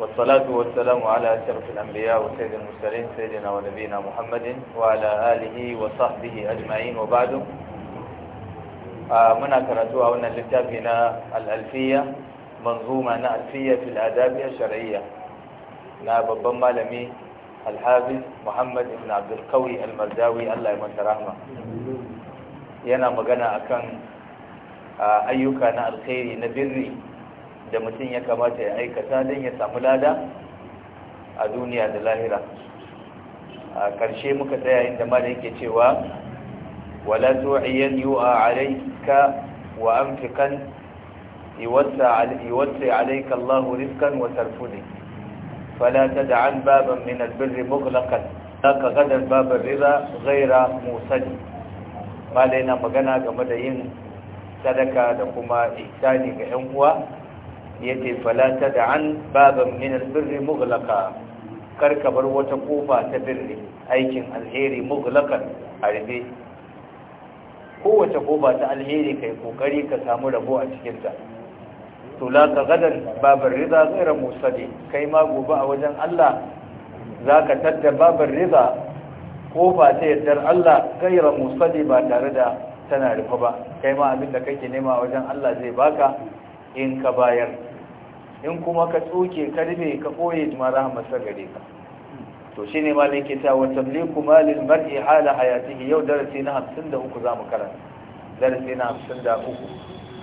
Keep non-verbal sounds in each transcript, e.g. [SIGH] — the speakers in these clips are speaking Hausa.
والصلاة والسلام على أشرف الأنبياء وسيد المرسلين سيدنا ونبينا محمد وعلى آله وصحبه أجمعين وبعد منا كرتوا أولا لكتابنا الألفية منظومة ألفية في الآداب الشرعية نائب الضمة لمي الحافظ محمد بن عبد القوي المرداوي الله يمن رحمه yana magana akan ayyuka na alkhairi na birri da mutum ya kamata ya aikata don ya samu lada a duniya da lahira a ƙarshe muka tsaya inda ma yake cewa wala tu'iyan yu'a alayka wa anfiqan يوسع عليك الله رزقا وترفده فلا تدعن بابا من البر مغلقا ذاك غدا باب الرضا غير موسد ما لنا magana game da yin sadaka da kuma ihsani ga 'yan uwa yace fala tad'an baban min albirri mughlaqa karka bar wata kofa ta birri aikin alheri mughlaqan arbe kowace kofa ta alheri kai kokari ka samu rabo a cikin ta to la ka gadan babar rida ghayra musadi kai ma gobe a wajen Allah zaka tadda babar riza kofa ta yardar Allah ghayra musadi ba tare da tana rufa ba kai ma abin da kake nema a wajen Allah zai baka in ka bayar in kuma ka tsoke ka rufe ka koye jima masar gare ka to ne ma ke ta wata liku malin mar'i hala hayatihi yau darasi na hamsin da uku za mu karanta darasi na hamsin da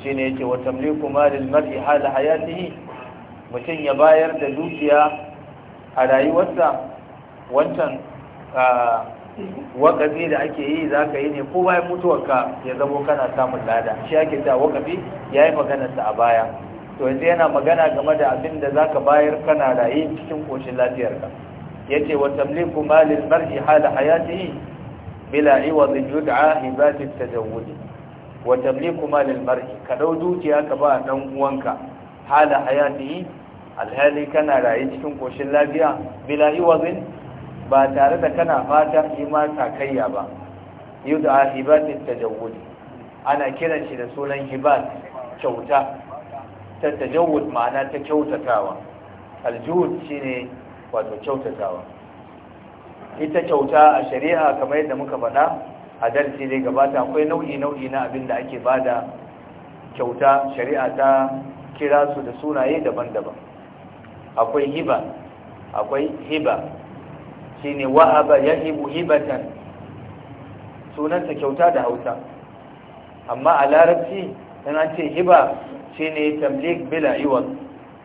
shi ne yake wata liku malin mar'i hala hayatihi mutum ya bayar da dukiya a rayuwarsa wancan ah, waƙafi da ake yi za ka yi ne ko bayan mutuwarka ya zamo kana samun lada shi ake ta waƙafi ya yi maganarsa a baya to yanzu yana magana game da abin da za ka bayar kana rayu cikin ƙoshin lafiyarka ya ce wa tamliku malin marhi hala yi? bila iwazin a hibatin tajawudi wa tamliku malin mar'i ka ɗau dukiya ka ba ɗan uwanka hala yi? alhali kana rayu cikin ƙoshin lafiya bila zin ba tare da kana fata yi ma sakayya ba yud'a ta tajawwud ana kiran shi da sunan hibat kyauta ta tajawwud ma'ana ta kyautatawa shi ne wato kyautatawa ita kyauta a shari'a kamar yadda muka faɗa a darsi ne gabata akwai nau'i nau'i na abin da ake bada kyauta shari'a ta kira su da sunaye daban-daban akwai hiba akwai hiba shine ya yahibu hibatan sunanta kyauta da hausa amma a larabci yana ce hiba shine tamlik bila iwal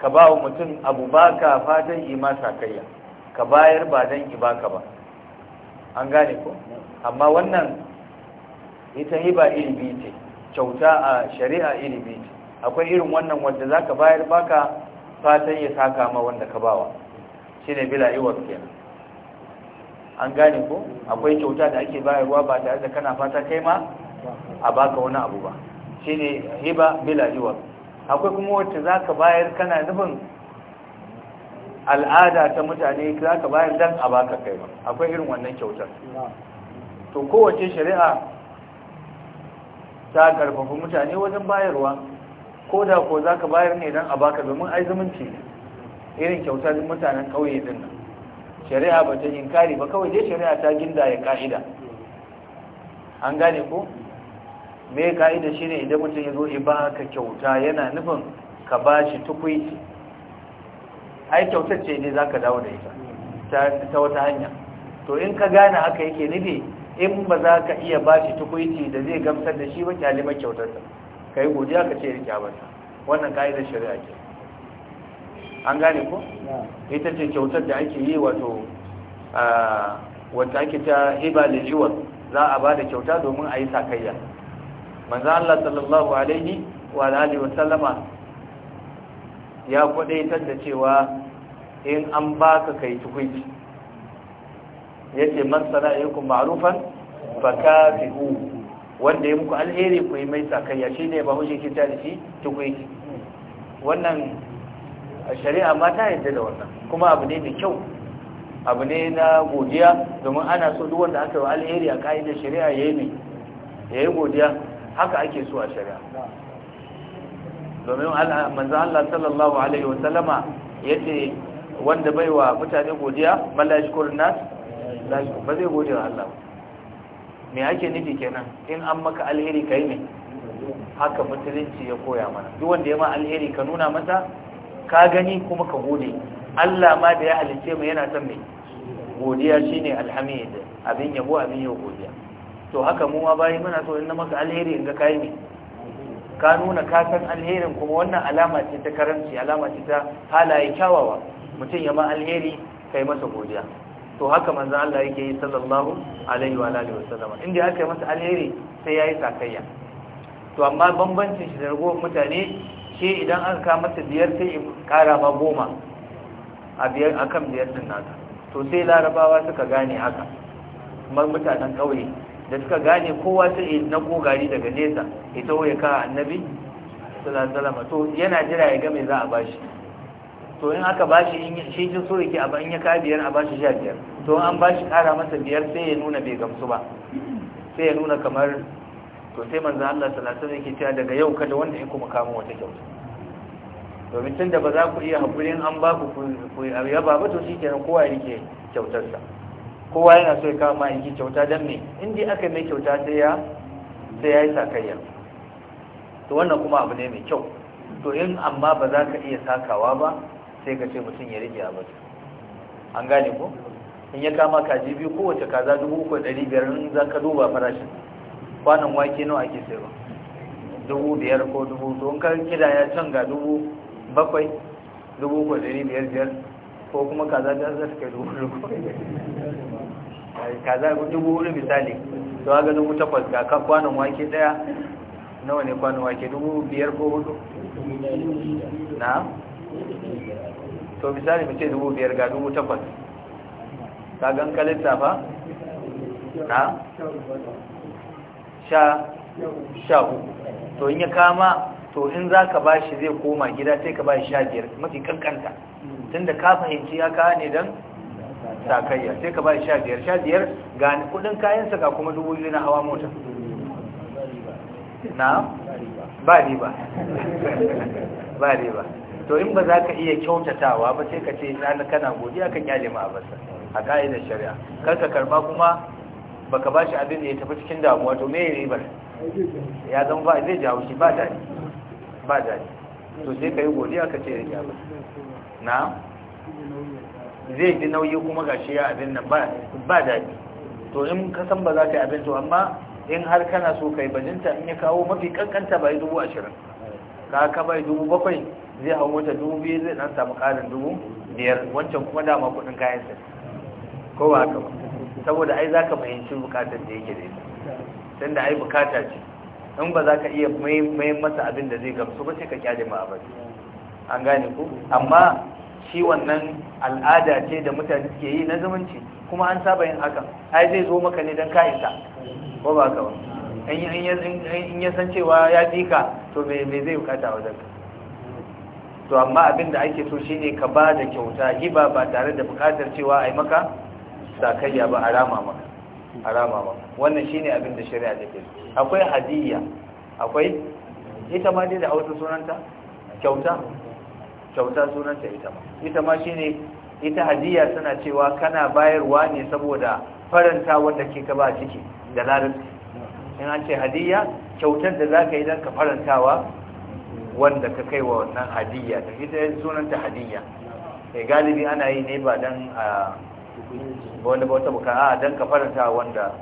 ka ba wa mutum abu baka fatan ima sakayya ka bayar ba dan ibaka ba an gane ko amma wannan ita hiba ilimi ce kyauta a shari'a ilimi ce akwai irin wannan wanda zaka bayar baka fatan ya saka ma wanda ka bawa shine bila iwal kenan an gane ko akwai kyauta da ake bayarwa ba tare da kana fata kai ma a baka wani abu ba shine hiba bila akwai kuma wacce za ka bayar kana nufin al'ada ta mutane za ka bayar dan a baka kai ba akwai irin wannan kyautar to kowace shari'a ta karfafa mutane wajen bayarwa ko da ko za ka bayar ne dan a baka domin ai zumunci irin kyautar mutanen kauye din nan shari'a ba ta inkari ba kawai dai shari'a ta ginda ya ka'ida an gane ko me ka'ida shine idan mutum ya zo ba ka kyauta yana nufin ka ba shi tukuici ai kyautar ce ne za ka dawo da ita ta wata hanya to in ka gane haka yake nufi in ba za ka iya ba shi tukuici da zai gamsar da shi ba kyalimar kyautarsa ka yi godiya ka ce rike abarta wannan ka'idar shari'a ke an gane ko ita ce kyautar da ake yi wato wata ake ta hiba da jiwon za a ba da kyauta domin a yi sakayya manzan Allah sallallahu alaihi wa alihi wa sallama ya kwadaitar da cewa in an baka kai tukunci yace man sana'aykum ma'rufan fi'u. wanda ya muku alheri ku yi mai sakayya shine ba huje kita da shi tukunci wannan a shari'a ma ta yadda da wannan kuma abu ne mai kyau abu ne na godiya domin ana so duk wanda aka yi alheri a ka'idar shari'a ya yi godiya haka ake so a shari'a domin manzan Allah sallallahu alaihi wasallama ya ce wanda bai wa mutane godiya malashkur nas ba zai gode wa Allah me ake nufi kenan in an maka alheri kai ne haka musulunci ya koya mana duk wanda ya ma alheri ka nuna masa ka gani kuma ka gode Allah ma da ya halice mu yana son me. godiya shine alhamid abin yabo abin yabo godiya to haka mu ma bayi muna so in na maka alheri in ga kai ne ka nuna ka san alherin kuma wannan alama ce ta karanci alama ce ta halaye kyawawa mutum ya ma alheri kai masa godiya to haka manzon Allah yake yi sallallahu alaihi wa alihi wasallam inda aka yi masa alheri sai yayi sakayya to amma bambancin shi da ragowar mutane shi idan an ka masa biyar sai kara ma goma a biyar akan biyar din naka to sai larabawa suka gane haka man mutanen kauye da suka gane kowa sai na gogari daga nesa ita waye ka annabi sallallahu alaihi to yana jira ya ga me za a bashi to in aka bashi in shi jin so yake a in ya ka biyar a bashi sha biyar to an bashi kara masa biyar sai ya nuna bai gamsu ba sai ya nuna kamar to sai manzo Allah sallallahu alaihi yake cewa daga yau kada wanda ya kuma kama wata kyauta domin tun da ba za ku iya hakurin an ba ku ku yaba ba to kenan kowa ya rike kyautarsa kowa yana so ya kama yake kyauta dan me in dai aka mai kyauta sai ya sai ya yi sakayya to wannan kuma abu ne mai kyau to in amma ba za ka iya sakawa ba sai ka ce mutum ya rike abu an gane ko in ya kama kaji biyu kowace kaza dubu uku da ɗari biyar in za ka duba farashin kwanan wake nawa ake sayarwa dubu biyar ko dubu to in ka ya can ga dubu bakwai dubu ko dari biyar biyar ko kuma kaza ta za ta kai dubu [LAUGHS] dubu kaza dubu wuri misali to ga dubu takwas ga kan kwanan wake daya nawa ne kwanan wake dubu biyar ko hudu na to misali mu ce dubu biyar ga dubu takwas ka gan kalista fa na sha sha uku to in ya kama to in za ka ba shi zai koma gida sai ka ba shi sha biyar mafi kankanta tun da ka fahimci ya kawo ne don sakayya sai ka ba shi sha biyar sha biyar ga kudin kayansa ga kuma dubu biyu na hawa mota na ba riba [LAUGHS] ba riba to in ba za ka iya kyautatawa ba sai ka ce ɗan kana godiya kan yalima a basa a ka'idar shari'a kar ka karba kuma baka ba shi abin da ya tafi cikin damuwa to me ribar ya zan ba zai jawo shi ba dadi ba dadi to sai ka yi godiya ka ce ya ba na zai yi nauyi kuma gashi ya abin nan ba dadi to in ka san ba za ka yi abin to amma in har kana so kai bajinta in ya kawo mafi kankanta bai dubu ashirin ka ka bai dubu bakwai zai hau mota dubu biyu zai dan samu karin dubu biyar wancan kuma dama kudin kayan sa ko ba haka ba saboda ai za ka fahimci bukatar da yake da ita tun da ai bukata ce in ba za ka iya mai masa abin da zai gamsu ba sai ka kyale ma abin an gane ku amma shi wannan al'ada ce da mutane suke yi na zumunci kuma an saba yin haka ai zai zo maka ne don ta ko ba ka ba in ya san cewa ya fi ka to me zai bukata wajen ka to amma abin da ake so shine ka ba da kyauta hiba ba tare da bukatar cewa ai maka sakayya ba a rama maka a rama maka wannan shine abin da shari'a take akwai hadiyya akwai ita ma dai da hausa sunanta kyauta kyauta sunanta ita ma ita ma shine ita hadiyya suna cewa kana bayarwa ne saboda faranta wanda ke ka ba ciki da larabci in an ce hadiyya kyautar da za ka yi don ka farantawa wanda ka kai wa wannan hadiyya ta ita sunanta hadiyya eh, galibi ana yi ne ba dan ah, ga wanda wata buka a don ka faranta wanda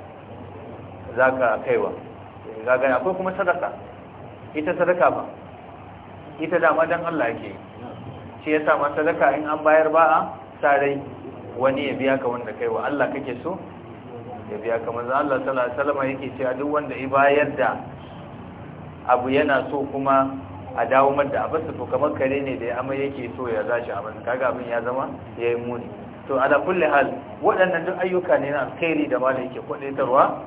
za ka kaiwa ga gani akwai kuma sadaka ita sadaka ba ita dama don Allah yake shi yasa sama sadaka in an bayar ba a sarai wani ya biya ka wanda kaiwa Allah kake so ya biya ka manzo Allah salama yake ce a duk wanda ya bayar da abu yana so kuma a dawo mada a fasa to kamar kare ne da ya amma yake so ya zashi abin kaga abin ya zama ya yi muni to ala kulli hal waɗannan duk ayyuka ne na alkhairi da malai ke kwadaitarwa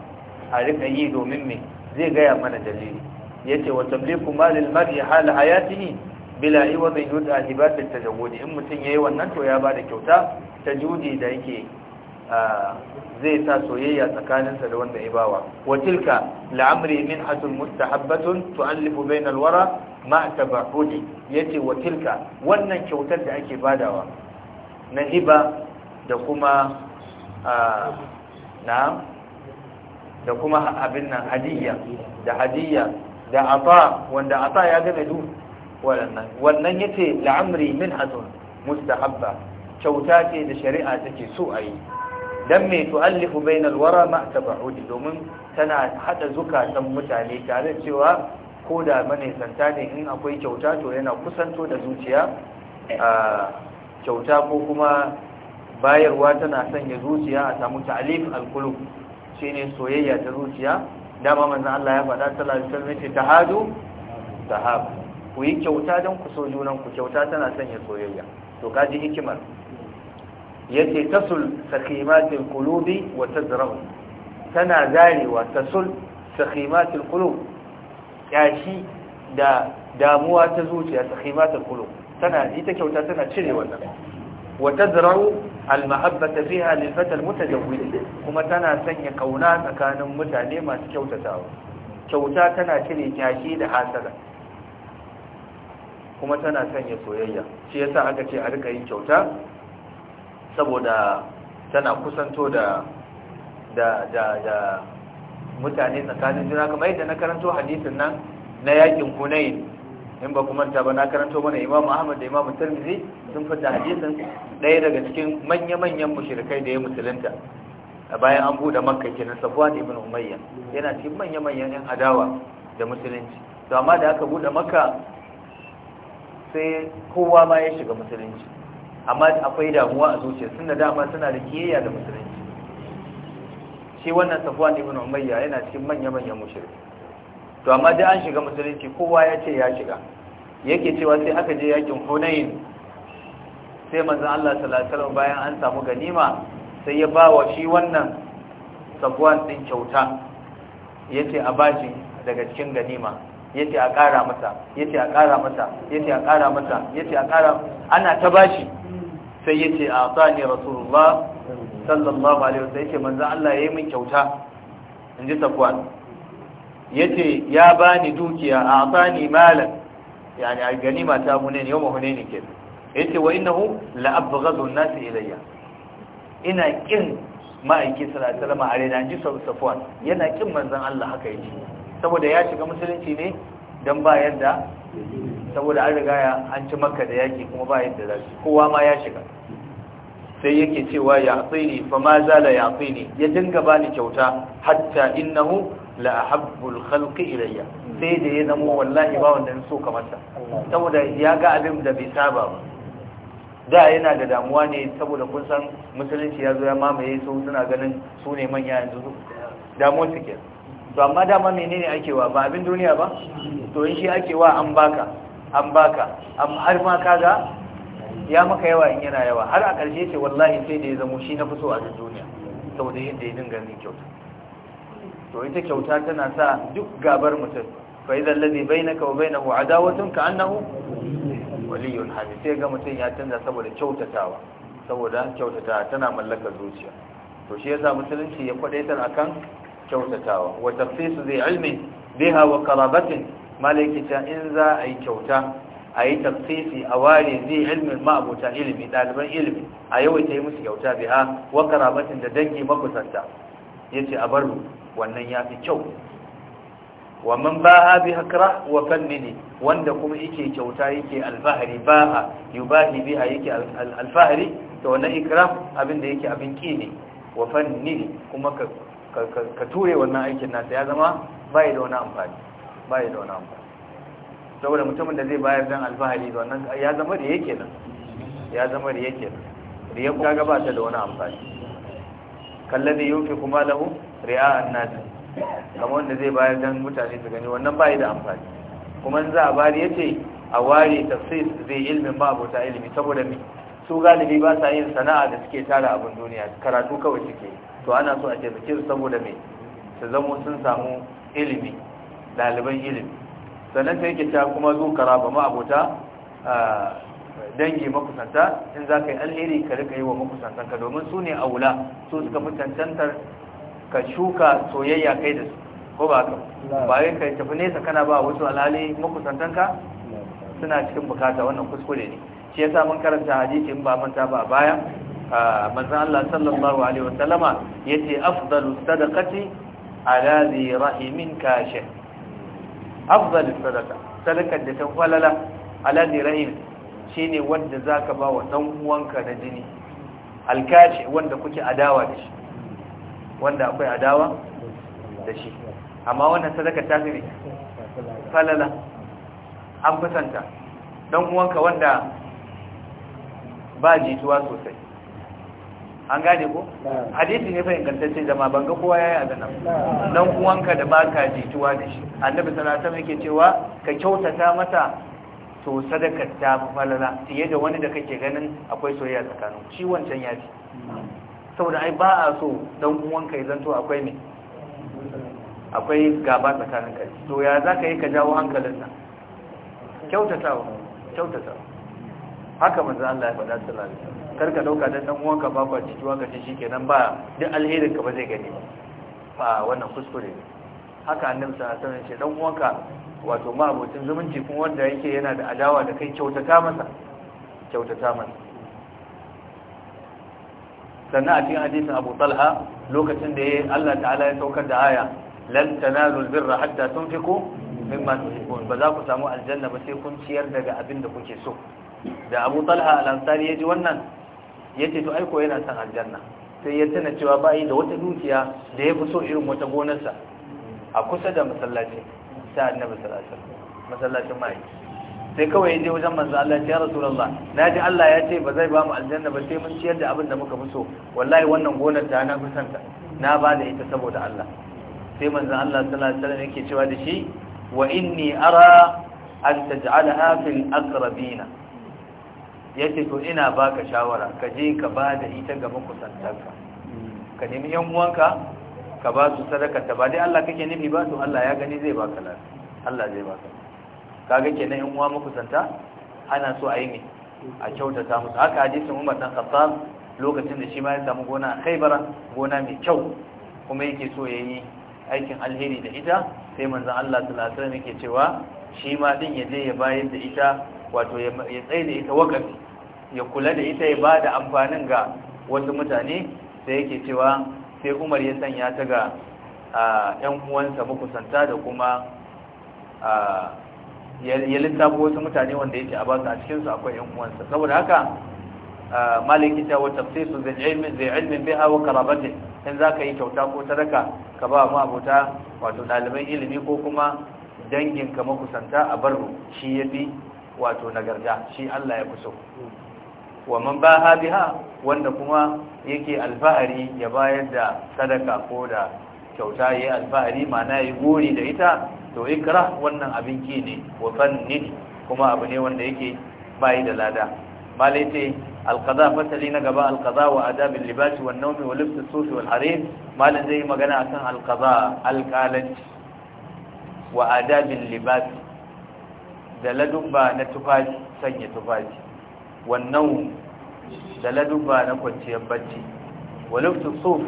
a rika yi domin me zai gaya mana dalili yace wa tabliqu malil mar'i hal hayatihi bila iwadin a hibat at-tajawud in ya yayi wannan to ya da kyauta judi da yake zai sa soyayya tsakaninsa da wanda ya bawa wa tilka la'amri minhatun mustahabbatun tu'allifu bainal wara ma tabahudi yace wa tilka wannan kyautar da ake badawa na hiba da kuma na'am da kuma abin nan hadiyya da hadiyya da ata wanda ata ya game du wannan wannan yace la'amri minhatun mustahabba kyauta ce da shari'a take so a yi dan me tu'allifu bainal wara ma tabahudi domin tana hada zukatan mutane tare cewa ko da manisanta ne in akwai kyauta to yana kusanto da zuciya kyauta ko kuma bayarwa tana sanya zuciya a samu ta'alif shi shine soyayya ta zuciya dama manzon Allah ya faɗa sallallahu alaihi wasallam ce tahadu tahab ku yi kyauta don ku so junan ku kyauta tana sanya soyayya to kaji hikimar yace tasul sakhimatil qulubi wa tazra'u tana zarewa tasul sakhimatil qulub yashi da damuwa ta zuciya sakhimatil qulub tana ita kyauta tana cire wannan وتزرع المحبة فيها للفتى المتجول كما تنا سنيا كونا تكان متعني ما تكوتا تاو كوتا تنا كلي كاشي لحاسدا kuma tana sanya soyayya shi yasa aka ce a rika yin kyauta saboda tana kusanto da da da da mutane tsakanin juna kamar yadda na karanto hadisin nan na yakin Hunain in ba kuma ta ba na karanto mana Imam Ahmad da Imam Tirmidhi sun fita hadisin ɗaya daga cikin manya-manyan mushrikai da ya musulunta a bayan an bude Makka kenan Safwan ibn Umayya yana cikin manya-manyan yan adawa da musulunci to amma da aka bude Makka sai kowa ma ya shiga musulunci amma akwai damuwa a zuciya suna dama suna da kiyayya da musulunci shi wannan Safwan ibn Umayya yana cikin manya-manyan mushrikai to amma dai an shiga musulunci kowa ya ce ya shiga yake cewa sai aka je yakin hunayin sai manzon Allah sallallahu alaihi bayan an samu ganima sai ya ba wa shi wannan sabuwan din kyauta yace a bashi daga cikin ganima yace a ƙara masa yace a ƙara masa yace a ƙara masa yace a ƙara ana ta bashi sai yace a tsani rasulullah sallallahu alaihi wasallam yace manzo Allah yayi min kyauta inji sabuwan yace ya bani dukiya a atani malan yani al ganima ta hunain yawm ne ke yace wa innahu la abghadu an-nas ilayya ina kin ma'aiki sallallahu Salama a rena ji safwan yana kin manzan Allah haka yace saboda ya shiga musulunci ne dan ba yadda saboda an riga ya an ci makka da yaki kuma ba yadda za kowa ma ya shiga sai yake cewa ya tsini fa ma zala ya tsini ya dinga bani kyauta hatta innahu la ahabbul khalqi ilayya sai da ya zama wallahi ba wanda so kamar sa saboda ya ga abin da bai saba ba da yana da damuwa ne saboda kun san musulunci ya zo ya mamaye su suna ganin su ne manya yanzu damuwar su ke to amma dama menene ake wa ba abin duniya ba to in shi ake wa an baka an baka amma har ma kaga ya maka yawa in yana yawa har a ƙarshe ce wallahi sai da ya zamo shi na fito a duniya saboda yadda ya dinga ni kyauta to ita kyauta tana sa duk gabar mutum fa idan alladhi bainaka wa bainahu adawatun ka annahu waliyun hadi sai ga mutum ya canza saboda kyautatawa saboda kyautatawa tana mallakar zuciya to shi yasa musulunci ya kwadaitar akan kyautatawa wa tafsisu zai ilmi biha wa qarabatin ta in za a yi kyauta a yi tafsisi a ware zai ilmi ma'abuta ilmi ɗaliban ilimi a yawaita yi musu kyauta biha wa qarabatin da dangi makusanta yace a bar wannan ya fi kyau wa man ba'a bi hakra wa fannihi wanda kuma yake kyauta yake alfahari ba ba'a yubahi biha yake alfahari to wannan ikram abin da yake abin ki ne wa fannihi kuma ka ka ture wannan aikin nasa ya zama bai da wani amfani bai da wani amfani saboda mutumin da zai bayar dan alfahari da wannan ya zama da yake nan ya zama da yake nan riya kuma ga ba ta da wani amfani kallabi yunfi kuma lahu ri'a annas kamar wanda zai bayar dan mutane su gani wannan bayi da amfani kuma za a bari yace a ware tafsir zai ilmin ba abota ilimi saboda mi su galibi ba sa yin sana'a da suke tara abin duniya karatu kawai suke to ana so a taimake su saboda me su zamo sun samu ilimi ɗaliban ilimi sannan ta yake ta kuma zo karaba ma abota dangi makusanta in za ka yi alheri ka rika yi wa makusantanka domin su ne a wula su suka fi cancantar ka shuka soyayya kai da su ko ba ka ba wai ka tafi nesa kana ba wasu alhali makusantanka suna cikin bukata wannan kuskure ne shi yasa mun karanta hadisi in ba manta ba baya manzon Allah sallallahu alaihi wasallama yace afdalu sadaqati ala zi rahimin kashe. afdalu sadaqa sadaqar da ta falala ala zi rahim shine wanda zaka ba wa dan uwanka na jini alkashi wanda kuke adawa da shi wanda akwai adawa da shi amma wannan sadaka ta fi ne falala an kusanta don uwanka wanda ba jituwa sosai an gane ko hadisi ne fa ingantacce zama banga kowa yayi a nan dan uwanka da ba ka jituwa da shi annabi sallallahu alaihi wasallam yake cewa ka kyautata mata to sadaka ta falala fiye da wani da kake ganin akwai soyayya tsakanin ciwon can yafi saboda ai ba a so dan uwanka ya zanto akwai ne akwai gaba tsakanin kai to ya za ka yi ka jawo hankalin hankalinsa kyautatawa kyautata haka manzo Allah ya faɗa sallallahu alaihi wasallam karka dauka dan dan uwanka ba kwa cikiwa ka ce shikenan ba duk alherin ka ba zai gani ba ba wannan kuskure ne haka annabi sallallahu alaihi wasallam ce dan uwanka wato ma abotin zumunci kuma wanda yake yana da adawa da kai kyautata masa kyautata masa sannan a cikin hadisin Abu Talha lokacin da yayi Allah ta'ala ya saukar da aya lan tanalu albirra hatta tunfiku mimma tuhibbun ba za ku samu aljanna ba sai kun ciyar daga abin da kuke so da Abu Talha al-Ansari ji wannan ya ce to aiko yana san aljanna sai ya tana cewa yi da wata dukiya da ya fi so irin wata gonarsa a kusa da masallaci sai annabi sallallahu alaihi wasallam masallacin mai sai kawai ya je wajen manzo Allah ya rasulullah na ji Allah ya ce ba zai ba mu aljanna ba sai mun ciyar da abin da muka fi so wallahi wannan gonar ta na fi santa na ba da ita saboda Allah sai manzo Allah sallallahu alaihi wasallam yake cewa da shi wa inni ara an taj'alaha fil aqrabina yace to ina baka shawara ka je ka ba da ita ga makusantanka ka nemi yan uwanka ka ba su sadaka ta ba dai Allah kake nufi ba to Allah ya gani zai baka lafiya Allah zai baka kaga kenan in uwa makusanta ana so a yi ne a kyautata musu haka hadisin Umar dan Khattab lokacin da shi ma ya samu gona a bara gona mai kyau kuma yake so ya yi aikin alheri da ita sai manzon Allah sallallahu alaihi wasallam yake cewa shi ma din ya je ya bayar da ita wato ya tsaye da ita wakafi ya kula da ita ya ba da amfanin ga wasu mutane sai yake cewa sai Umar ya sanya ta ga 'yan uwansa makusanta da kuma a. ya ko wasu mutane wanda yake a ba su a cikin su akwai yan uwansa saboda haka maliki ta wa tafsisu zai ilmin zai ilmin biha wa karabatin in za ka yi kyauta ko sadaka ka ba mu abota wato ɗaliban ilimi ko kuma dangin ka makusanta a bar shi ya fi wato nagarta shi Allah ya fi so wa man ba ha biha wanda kuma yake alfahari ya bayar da sadaka ko da kyauta ya yi alfahari mana yi gori da ita to ikra wannan abin ki ne wa fannid kuma abu ne wanda yake bai da lada malai ce alqada fasali na gaba alqada wa adab al wa an wa libs as-suf wal malai zai magana akan alqada alqalanci wa adabin al-libas da ladubba na tufafi sanya tufafi wannan da ladubba na kwanciyar bacci wa libs as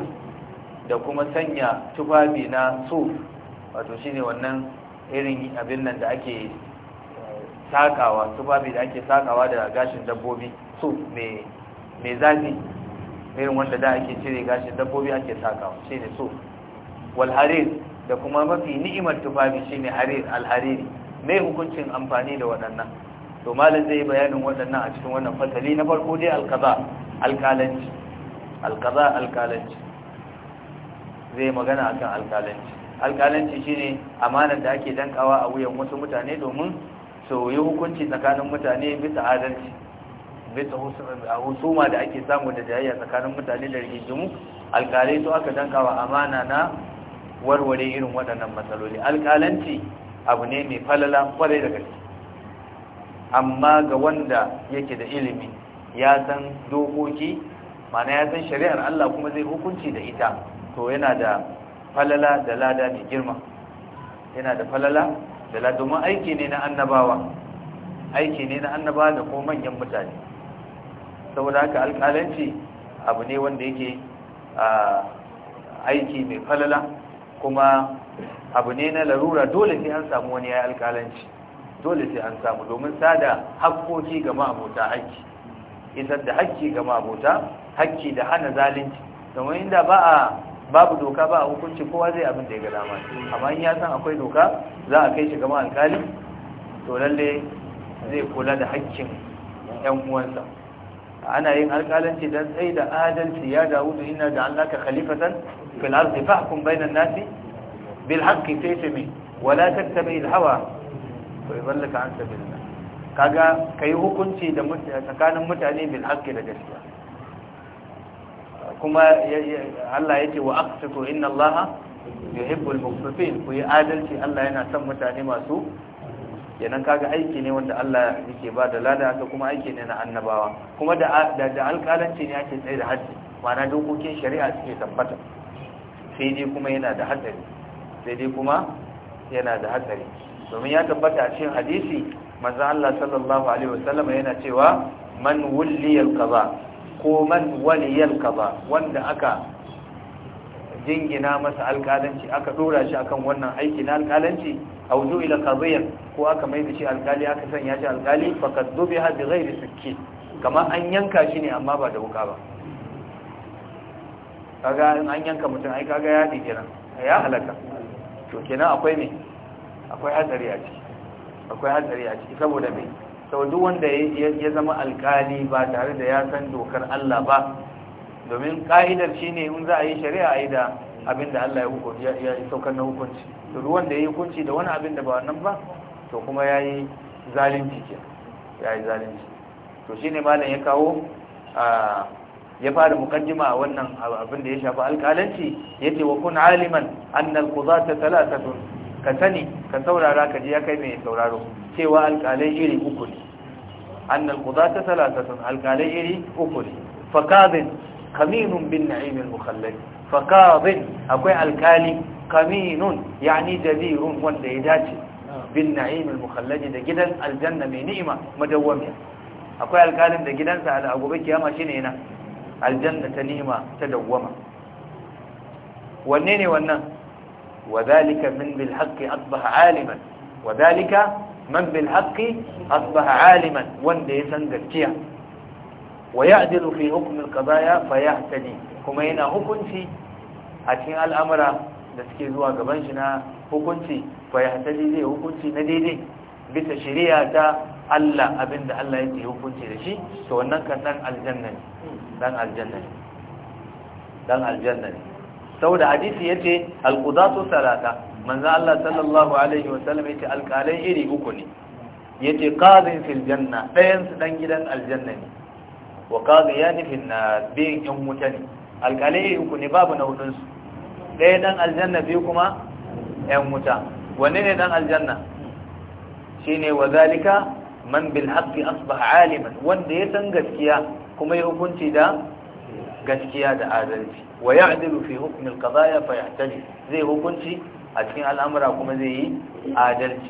da kuma sanya tufafi na su wato shine wannan irin abin nan da ake eh, sakawa tufafi da ake sakawa da gashin dabbobi su mai zafi irin wanda da ake cire gashin dabbobi ake sakawa shine su walharir da kuma mafi ni'imar tufafi shine harir alhariri mai hukuncin amfani da waɗannan to malam zai bayanin waɗannan a cikin wannan fasali na farko dai alkaza alkalanci alkaza alkalanci zai magana akan alkalanci alkalanci shine amanar da ake dankawa a wuyan wasu mutane domin soyi hukunci tsakanin mutane bisa adalci bisa husuma da ake samu da jayayya tsakanin mutane da rikicinmu alkalai su aka dankawa amana na warware irin waɗannan matsaloli alkalanci abu ne mai falala kwarai da gaske amma ga wanda yake da ilimi ya san dokoki mana ya san shari'ar Allah kuma zai hukunci da ita to yana da falala da lada mai girma yana da falala da lada domin aiki ne na annabawa aiki ne na annabawa da kuma manyan mutane saboda haka alƙalanci abu ne wanda yake aiki mai falala kuma abu ne na larura dole sai an samu wani ya yi alƙalanci dole sai an samu domin sada haƙƙoƙi ga ma'abota haƙƙi isar da haƙƙi ga ma'abota haƙƙi da hana zalunci domin inda ba a babu doka ba a hukunci kowa zai abin da ya ga dama amma in ya san akwai doka za a kai shi gama alkali to lalle zai kula da haƙƙin yan uwansa ana yin alkalanci don tsaye da adalci ya dawo da ina da ka khalifatan fil ardi fahkum bainan nasi bil haqqi wa wala tattabi al hawa to yadallaka an sabilillah kaga kai hukunci da tsakanin mutane bil haqqi da gaskiya kuma Allah ya ce wa aqsitu inna Allah yuhibbul muqsitin ku yi adalci Allah yana son mutane masu yanan kaga aiki ne wanda Allah yake ba da lada haka kuma aiki ne na annabawa kuma da da alƙalanci ne ake tsaye da haddi ma'ana dokokin shari'a suke tabbata sai dai kuma yana da hatsari sai dai kuma yana da hatsari domin ya tabbata a cikin hadisi manzo Allah sallallahu alaihi wasallam yana cewa man wulliya alqaza ko man waliyal ba wanda aka jingina masa alƙalanci aka dora shi akan wannan aiki na alƙalanci aw ila qadiyan ko aka mai da shi alƙali aka sanya shi alƙali faqad dubiha bi ghairi sikki kamar an yanka shi ne amma ba da wuka ba kaga in an yanka mutum ai kaga ya dikira ya halaka to kenan akwai ne? akwai hatsari a ciki akwai hatsari a ciki saboda me sau duk wanda ya zama alkali ba tare da ya san dokar Allah ba domin ka'idar shi ne in za a yi shari'a a yi da abin da Allah ya saukar na hukunci to wanda ya yi hukunci da wani abin da ba wannan ba to kuma ya yi zalunci ke ya yi zalunci to shi ne malam ya kawo ya fara mukaddima a wannan abin da ya shafi alkalanci ya ce wa kun aliman annal qudata talatatun ka sani ka saurara ka ji ya kai mai sauraro cewa alƙalai iri uku ne annal qudata thalathatun alƙalai iri uku ne fakadin kaminun bin na'im al-mukhallad fakadin akwai alƙali kaminun yani jabirun wanda ya dace bin na'im al-mukhallad da gidan aljanna mai ni'ima madawwamiya akwai alƙalin da gidansa a gobe kiyama shine yana aljanna ta ni'ima ta dawwama wanne ne wannan وذلك من بالحق أصبح عالما وذلك man bil haqqi asbaha aliman wanda ya san gaskiya wa ya'dilu fi hukm al qadaya fa kuma yana hukunci a cikin al'amura da suke zuwa gaban shi na hukunci fa zai hukunci na daidai bisa shiriya ta Allah abinda Allah yake hukunci da shi to wannan kan dan aljanna dan aljanna dan aljanna ne saboda hadisi yace al-qudatu salata manzo Allah sallallahu alaihi wasallam yace alƙalai iri uku ne ya qadin fil filjanna ɗayan su gidan aljanna ne wa ya fil nar biyan yan wuta ne alƙalai iri uku ne babu na hudunsu su ɗaya dan aljanna biyu kuma yan wuta wani ne dan aljanna shine wa zalika man bil haqqi asbaha aliman wanda ya san gaskiya kuma ya hukunci da gaskiya da adalci wa ya'dilu fi hukm al qadaya fa yahtali zai hukunci a cikin al'amura kuma zai yi adalci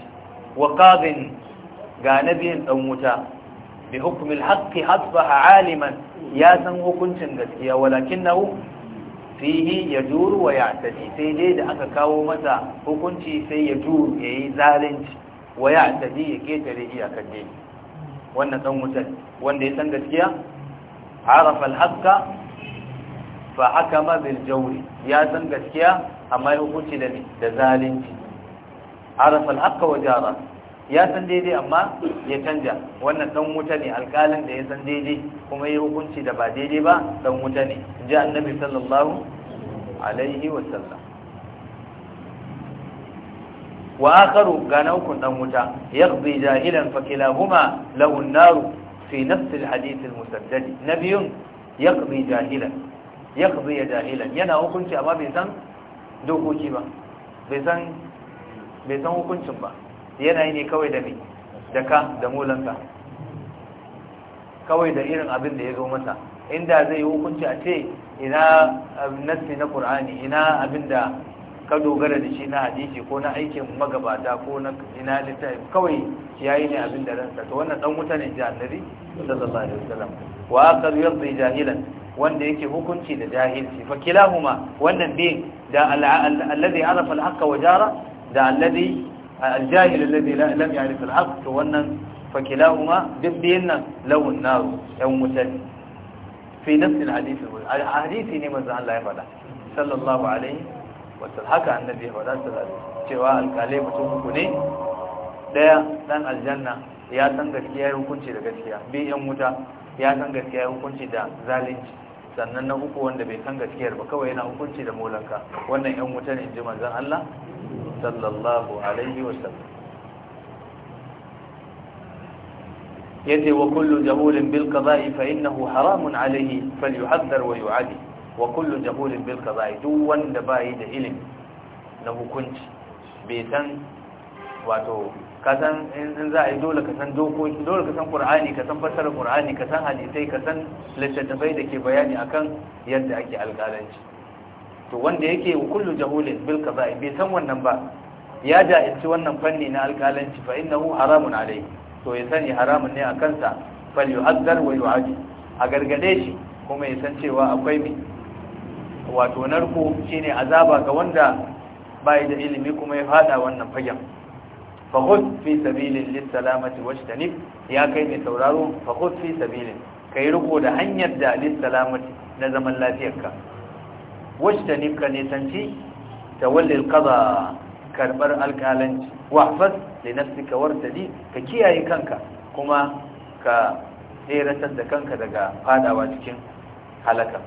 wa qadin ga nabiyin dan wuta bi hukmil haqqi asbaha aliman ya san hukuncin gaskiya walakinahu fihi yajuru wa ya'tadi sai dai da aka kawo masa hukunci sai ya ya yi zalunci wa ya'tadi ya ketare iyakar dai wannan dan wutar wanda ya san gaskiya arafa al fa haka bil jawri ya san gaskiya amma ya hukunci da ne da zalunci arafa haka haqqa wa jara ya san daidai amma ya canja wannan dan wuta ne alƙalin da ya san daidai kuma ya hukunci da ba daidai ba dan wuta ne ji annabi sallallahu alaihi wa sallam wa akharu gana ukun dan wuta yaqdi jahilan fakila kilahuma lahu an-nar fi nafs al-hadith al-musaddad nabiyun yaqdi jahilan yaqdi jahilan yana hukunci amma bai san dokoki ba bai san hukuncin ba yanayi ne kawai da mai da ka da molanta kawai da irin abin da ya zo mata inda zai yi hukunci a ce ina um, nassi na ƙur'ani ina abin da ka dogara da shi na hadisi ko na aikin magabata ko na ina littafi kawai ya yi ne abin da ransa to wannan dan wuta ne ji annabi sallallahu alaihi wasallam wa aqal yaqdi jahilan wanda yake hukunci da jahilci fa kilahuma wannan bin da alladhi arafa al-haqqa wa jara da alladhi al-jahil alladhi lam ya'rif al-haqq to wannan fa kilahuma dubbiyan nan lawun nar yan mutane fi nafs al-hadith al-hadisi ne manzo Allah ya faɗa sallallahu alaihi wa sallam haka annabi ya faɗa sallallahu cewa alƙalai mutum uku ne daya dan aljanna ya san gaskiya hukunci da gaskiya bi yan wuta ya san gaskiya ya hukunci da zalunci sannan na uku wanda bai san gaskiyar ba kawai yana hukunci da molaka wannan yan wuta ne ji Allah sallallahu alaihi sallam yace wa kullu jahulin bil qada'i fa innahu haramun alaihi falyuhaddar wa yu'adi wa kullu jahulin bil qada'i duk wanda bai da ilimi na hukunci bai san wato ka san in za a yi dole ka san dokoki dole ka san qur'ani ka san fassarar qur'ani ka san hadisai ka san littattafai da ke bayani akan yadda ake alƙalanci to wanda yake kullu jahulin bil qada'i bai san wannan ba ya ja'ilci wannan fanni na alƙalanci fa innahu haramun alayhi to ya sani haramun ne a kansa fal yu'azzar wa yu'adi a gargade shi kuma ya san cewa akwai mi wato narko shine azaba ga wanda bai da ilimi kuma ya fada wannan fagen faghud fi sabilin lissalamati wajtanib ya kai mai sauraro faghud fi sabilin kai riko da hanyar da lissalamati na zaman lafiyarka wajtanib ka nisanci ta wallil qada karbar alƙalanci wahfaz li nafsika wartadi ka kiyaye kanka kuma ka tseratar da kanka daga fadawa cikin halaka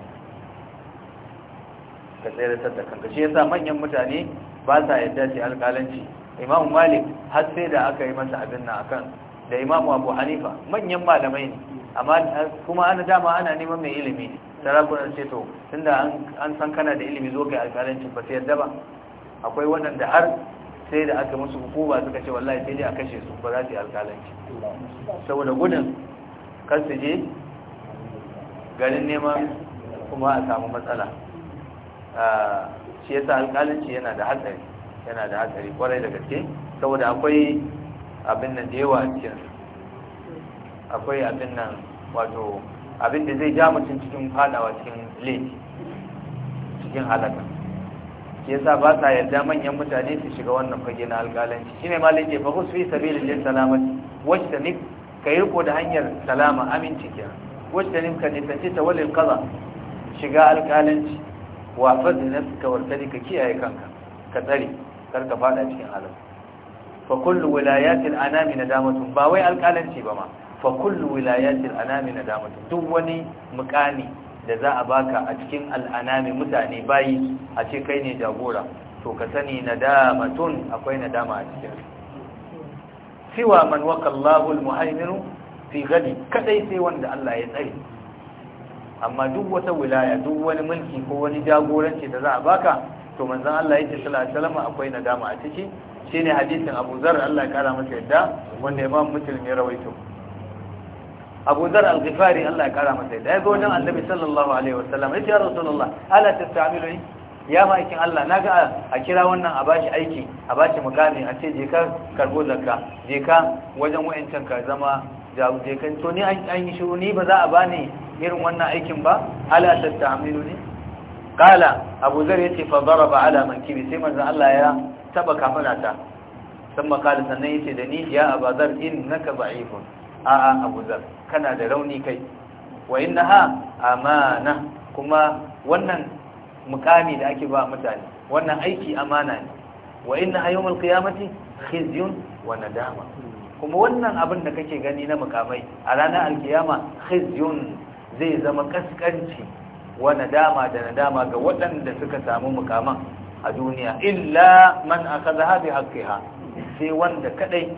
ka tseratar da kanka shi yasa manyan mutane ba sa yadda su alƙalanci imamu malik har sai da aka yi masa abin nan akan da imamu abu hanifa manyan malamai ne amma eh, kuma ana dama ana neman mai ilimi ne sarakunan ce to tunda an san kana da ilimi zo kai alkalancin ba sai yadda ba akwai waɗanda har sai da aka musu hukuma suka ce wallahi sai dai a kashe su ba za su yi alƙalanci saboda gudun kar su je garin neman kuma a samu matsala ah, shi yasa alƙalanci yana da hatsari yana da hatsari kwarai da gaske saboda akwai abin nan da yawa a cikin akwai abin nan wato abin da zai ja mutum cikin fadawa cikin laifi cikin halaka ke sa ba sa yarda manyan mutane su shiga wannan fage na alƙalanci shine malin ke fagus fi sabilillahi salamati wacce ne yi ko da hanyar salama aminci ke wacce ne ka nisanci ta walin kaza shiga alƙalanci wa fadna nafsaka wartadi ka kiyaye kanka ka tsare kar ka fada cikin halal fa kullu wilayatil anami nadamatun ba wai alƙalanci ba ma fa kullu wilayatil anami nadamatun duk wani mukami da za a baka a cikin al'anami mutane bayi a ce kai ne jagora to ka sani nadamatun akwai nadama a cikin siwa man waqallahu almuhaiminu fi gadi kadai sai wanda Allah ya tsare amma duk wata wilaya duk wani mulki ko wani jagoranci da za a baka to manzon Allah yake sallallahu alaihi wasallam akwai nadama a ciki shine hadisin Abu Zar Allah ya kara masa yadda wanda Imam Muslim ya rawaito Abu Zar al-Ghifari Allah ya kara masa yadda ya ga wajen Annabi sallallahu alaihi wasallam yace ya Rasulullah ala tastamilu ya aikin Allah na a kira wannan a bashi aiki a bashi mukami a ce je ka karbo zakka je ka wajen wayancan ka zama je kan to ni an yi shiru ni ba za a bani irin wannan aikin ba ala tastamilu ne kala abu zar ya ce fadara ba ala mankibi sai manzan Allah ya taba kamuna ta sun makali sannan ya ce da ni ya abu zar in naka a a'a abu zar kana da rauni kai wa na ha amana kuma wannan mukami da ake ba mutane wannan aiki amana ne wa na ha yawmal qiyamati khizyun wa nadama kuma wannan abin da kake gani na mukamai a ranar alkiyama khizyun zai zama kaskanci wa nadama da nadama ga waɗanda suka samu mukaman a duniya illa man akhadha bi haqqiha sai wanda kadai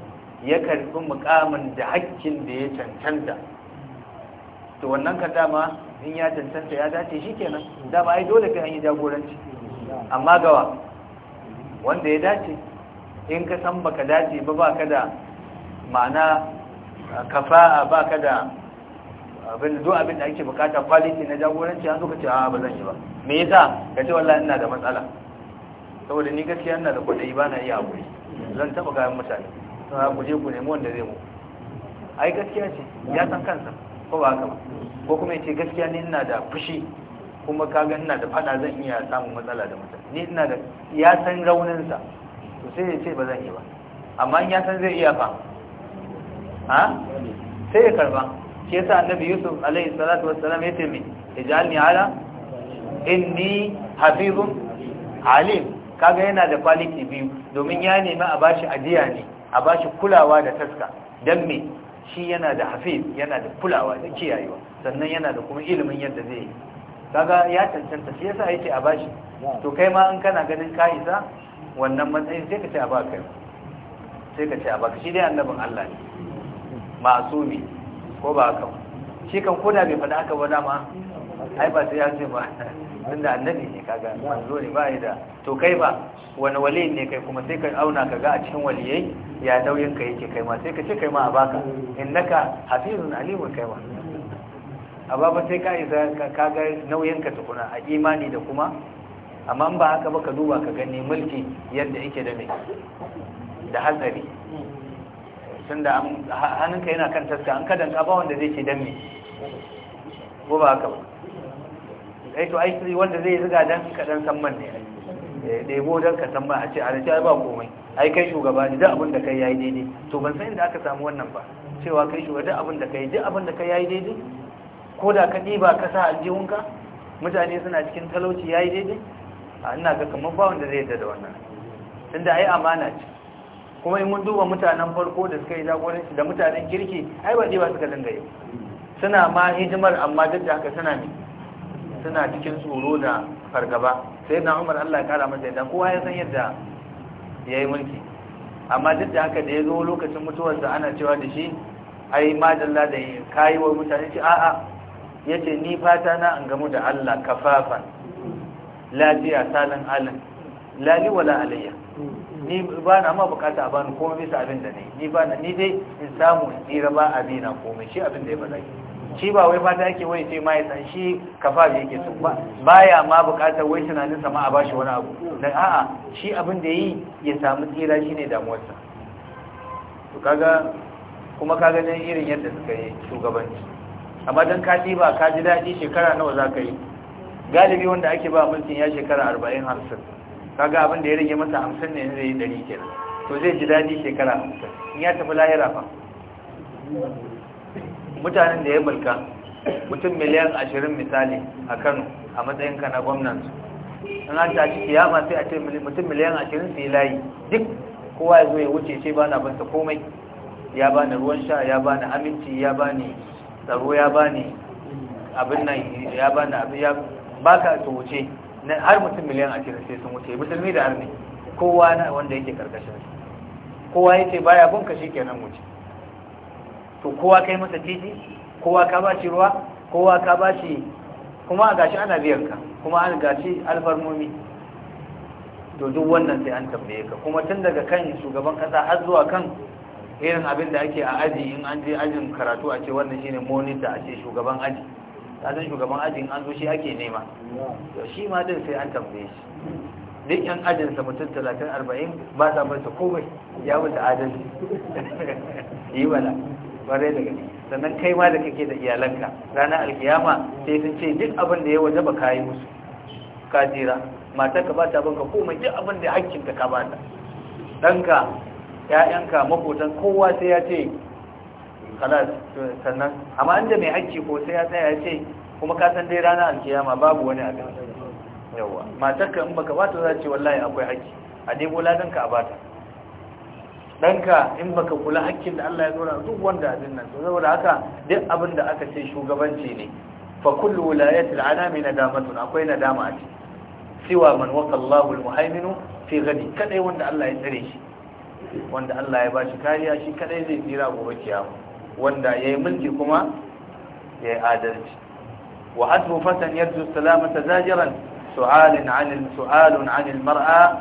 ya karbi mukamin da haƙƙin da ya cancanta to wannan ka dama in ya cancanta ya dace shi shikenan dama ai dole kai an yi jagoranci amma gawa wanda ya dace in ka san baka dace ba baka da ma'ana kafa'a baka da abin da duk abin da ake bukata kwaliti na jagoranci an zuka ce a ba zan yi ba me yasa ce wallahi ina da matsala saboda ni gaskiya ina da kuɗi ba na iya aure. zan taba kayan mutane to ha ku je ku nemi wanda zai mu ai gaskiya ce ya san kansa ko ba haka ba ko kuma yace gaskiya ni ina da fushi kuma kaga ina da fada zan iya samun matsala da mutane ni ina da ya san raunin sa to sai ya ce ba zan yi ba amma in ya san zai iya fa ha sai ya karba shi yasa annabi yusuf alaihi salatu wassalam ya ce min ij'alni ala inni hafizun alim kaga yana da kwaliti biyu domin ya nemi a bashi ajiya ne a bashi kulawa da taska dan me shi yana da hafiz yana da kulawa da kiyayewa sannan yana da kuma ilimin yadda zai yi kaga ya cancanta shi yasa ce a bashi to kai ma in kana ganin ka isa wannan matsayin sai ka ce a baka sai ka ce a baka shi dai annabin Allah ne masumi ko ba haka shi kan koda bai faɗa haka ba dama ai ba sai ya ce ba tunda annabi ne kaga manzo ne ya da to kai ba wani wali ne kai kuma sai ka auna ka ga a cikin waliyai ya nauyin ka yake kai ma sai ka ce kai ma a baka innaka hafizun alimun kai ma a baba sai ka yi ka kaga nauyin ka tukuna a imani da kuma amma ba haka ba ka duba ka gani mulki yadda yake da mai da hatsari tunda hannunka yana kan taska an kadanka ba wanda zai ce dan me ko ba haka ba ai eh to ai wanda zai zuga dan kadan samman ne eh, ɗebo don ka san ba a ce a rikiya ba komai ai kai shugaba ne duk abin da kai yayi daidai to ban san inda aka samu wannan ba cewa kai shugaba duk abin da kai duk abin da kai yayi daidai ko da ka ɗiba ka sa aljihunka mutane suna cikin talauci yayi daidai a ina ga kamar ba wanda zai yarda da wannan tunda ai amana ce kuma in mun duba mutanen farko da suka yi jagoranci da mutanen kirki ai ba ba suka dinga yi suna ma hijimar amma duk da haka suna ne suna cikin tsoro da fargaba sai na umar Allah ya kara masa yadda kowa ya san yadda ya yi mulki amma duk da haka da ya zo lokacin mutuwarsa ana cewa da shi ai madalla da kayi wa mutane ce a'a ya ce ni fata na an gamu da Allah kafafa lafiya salin alin lali wala alayya ni ba na ma bukata a bani komai bisa abin da ne ni ba na ni dai in samu in raba ba a na komai shi abin da ya faɗa shi ba wai fata yake wai sai mai san shi kafa da yake su ba baya ma bukatar wai tunanin sama a bashi wani abu dan a'a shi abin da yi ya samu tsira shine damuwarsa to kaga kuma kaga dan irin yadda suka yi shugabanci amma dan ka ba ka ji daɗi shekara nawa za ka yi galibi wanda ake ba mulkin ya shekara arba'in hamsin kaga abin da ya rage masa hamsin ne zai yi ɗari kenan to zai ji daɗi shekara hamsin in ya tafi lahira fa mutanen da ya mulka mutum miliyan ashirin misali a kano a matsayin na gwamnansu in an tashi kiyama sai a ce mutum miliyan ashirin su yi layi duk kowa ya zo ya wuce ce ba na banta komai ya bani ruwan sha ya bani aminci ya bani tsaro ya bani abin nan ya bani abin ya baka to ta wuce na har mutum miliyan cikin sai sun wuce musulmi da arni kowa na wanda yake karkashin shi kowa yake baya bin kashi kenan wuce to kowa kai masa titi kowa ka ba shi ruwa kowa ka ba shi kuma gashi ana biyan ka kuma an gashi alfarmomi to duk wannan sai an tambaye ka kuma tun daga kan shugaban kasa har zuwa kan irin abin da ake a aji in an je ajin karatu a ce wannan shine monitor a ce shugaban aji kasan shugaban ajin an zo shi ake nema to shi ma din sai an tambaye shi duk yan ajinsa mutum talatin arba'in ba sa bar komai ya wuce adalci [LAUGHS] yi wala kwarai daga gaske sannan kai ma da kake da iyalanka ranar alkiyama sai sun ce duk abin da ya waje ba ka yi musu ka jira matarka ba ta banka komai duk abin da hakkinta ka ba ta ɗanka ƴaƴanka mafotan kowa sai ya ce kalas sannan amma an da mai hakki ko sai ya tsaya ya ce kuma ka san dai rana alkiyama babu wani abin yawa ka in baka bata za ce wallahi akwai hakki a dai bola ka a bata danka in baka kula hakkin da Allah ya dora duk wanda abin nan to saboda haka duk abin da aka ce shugabanci ne fa kullu wilayatil anami nadamatun akwai nadama a ciki siwa man wasallahu almuhaiminu fi gadi kadai wanda Allah ya tsare shi wanda Allah ya bashi kariya shi kadai zai tsira gobe kiyama wanda ya yi mulki kuma ya yi adalci wa hasbu fatan yarju salamata zajiran su'alun anil su'alun anil mar'a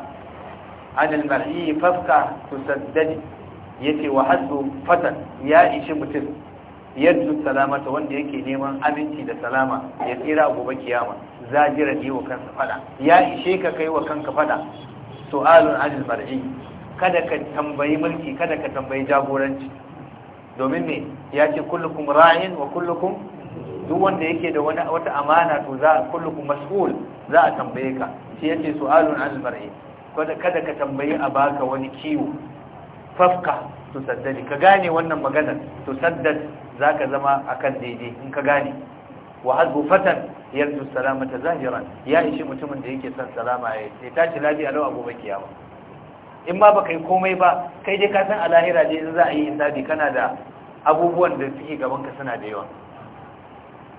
anil mar'i fafka tusaddadi yace wa hasbu fatan ya ishi mutum yarju salamata wanda yake neman aminci da salama ya tsira gobe kiyama zajiran yi wa kansa fada ya ishe ka kai wa kanka fada su'alun anil mar'i kada ka tambayi mulki kada ka tambayi jagoranci domin me ya ce kullukum ra'in wa kullukum duk wanda yake da wata amana to za kullukum mas'ul za a tambaye ka shi yace su'alun an mar'i kada kada ka tambayi a baka wani kiwo fafka to saddadi ka gane wannan maganar to saddad zaka zama akan daidai in ka gane wa hazbu fatan salama salamata zahiran ya ishi mutumin da yake son salama ya tashi lafiya lau abubakiya kiyama in ma baka yi komai ba kai dai ka san a lahira ne za a yi hisabi kana da abubuwan da suke gaban ka suna da yawa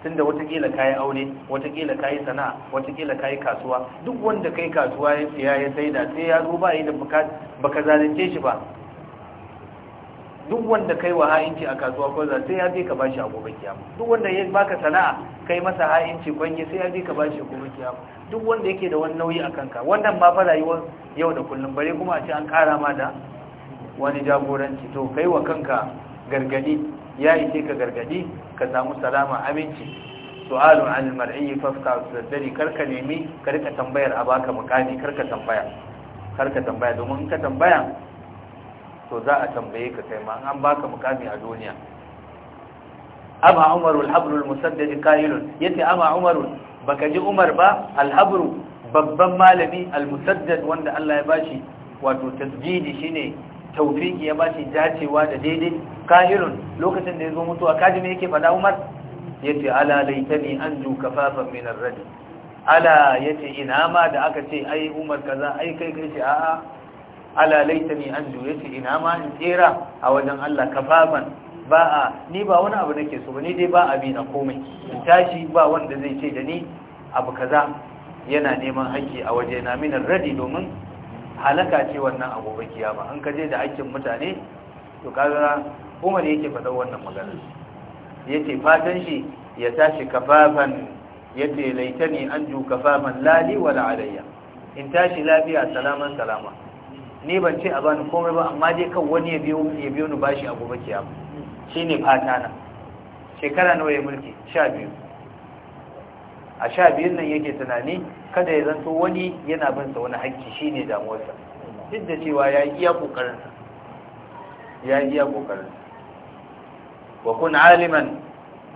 tunda watakila yi aure watakila yi sana'a watakila yi kasuwa duk wanda kai kasuwa ya siya ya saida sai ya zo ba yi da baka zalince shi ba duk wanda kai wa ha'inci a kasuwa ko za sai ya je ka bashi a gobe kiyama duk wanda ya baka sana'a kai masa ha'inci kwanye sai ya je ka bashi a gobe kiyama duk wanda yake da wani nauyi a kanka wannan ma fa rayuwar yau da kullum bare kuma a ce an kara ma da wani jagoranci to kai wa kanka gargadi ya yi ka gargadi ka samu salama aminci su'alun an mar'i fafka kar karka nemi karka tambayar a baka mukami karka tambaya karka tambaya domin ka tambaya to za a tambaye ka kai ma an baka mukami a duniya amma umaru al-habru al-musaddad qailun yati amma umaru baka ji umar ba Alhabru, babban malami al wanda Allah ya bashi wato tasjidi shine tawfiki ya bashi dacewa da daidai qailun lokacin da yazo mutuwa kaji me yake fada umar yace ala laitani anju kafafan min ar-rajul ala yace ina ma da aka ce ai umar kaza ai kai kai ce a'a ala laitani anju yace ina ma in tsira a wajen Allah kafaban ba a ni ba wani abu nake so ba ni dai ba abi na komai in tashi ba wanda zai ce da ni abu kaza yana neman haƙƙi a waje na min radi domin halaka ce wannan ba. kiyama an je da haƙƙin mutane to kaga Umar yake faɗa wannan magana yace fatan shi ya tashi kafafan yace laitani anju kafafan lali wala alayya in tashi lafiya salaman salama ni ban ce a bani komai ba amma dai kan wani ya biyo ya biyo ni bashi a gobe kiyama shine fata na shekara nawa ya mulki 12 a 12 nan yake tunani kada ya zanto wani yana bin sa wani hakki shine damuwarsa duk da cewa ya iya kokarin ya iya kokarin wa kun aliman